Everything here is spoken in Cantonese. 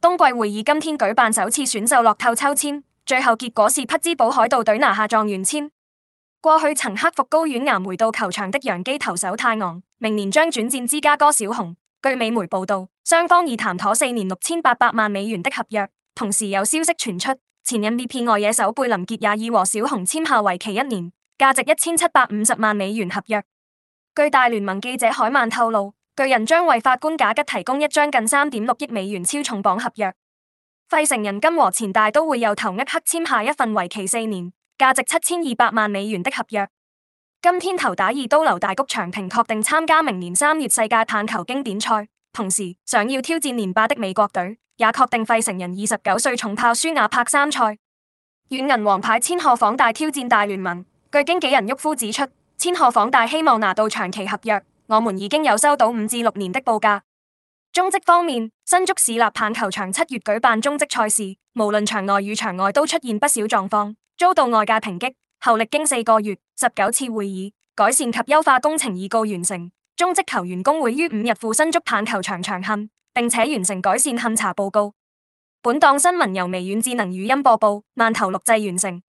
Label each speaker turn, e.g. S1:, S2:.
S1: 冬季會議今天舉辦首次選秀樂透抽籤，最後結果是匹茲堡海盜隊拿下狀元籤。過去曾克服睾丸癌回到球場的洋基投手泰昂，明年將轉戰芝加哥小熊。據美媒報道，雙方已談妥四年六千八百萬美元的合約。同時有消息傳出，前任裂片外野手貝林傑也已和小熊簽下為期一年、價值一千七百五十萬美元合約。據大聯盟記者海曼透露。巨人將為法官賈吉提供一張近三點六億美元超重磅合約，費城人今和前大都會右投一刻簽下一份為期四年、價值七千二百萬美元的合約。今天頭打二刀流大谷翔平確定參加明年三月世界棒球經典賽，同時想要挑戰連霸的美國隊也確定費城人二十九歲重炮舒雅柏參賽。軟銀王牌千賀滉大挑戰大聯盟，據經紀人郁夫指出，千賀滉大希望拿到長期合約。我們已經有收到五至六年的報價。中職方面，新竹市立棒球場七月舉辦中職賽事，無論場內與場外都出現不少狀況，遭到外界抨擊。後歷經四個月，十九次會議，改善及優化工程已告完成。中職球員工會於五日赴新竹棒球場場勘，並且完成改善勘查報告。本檔新聞由微軟智能語音播報，慢頭錄製完成。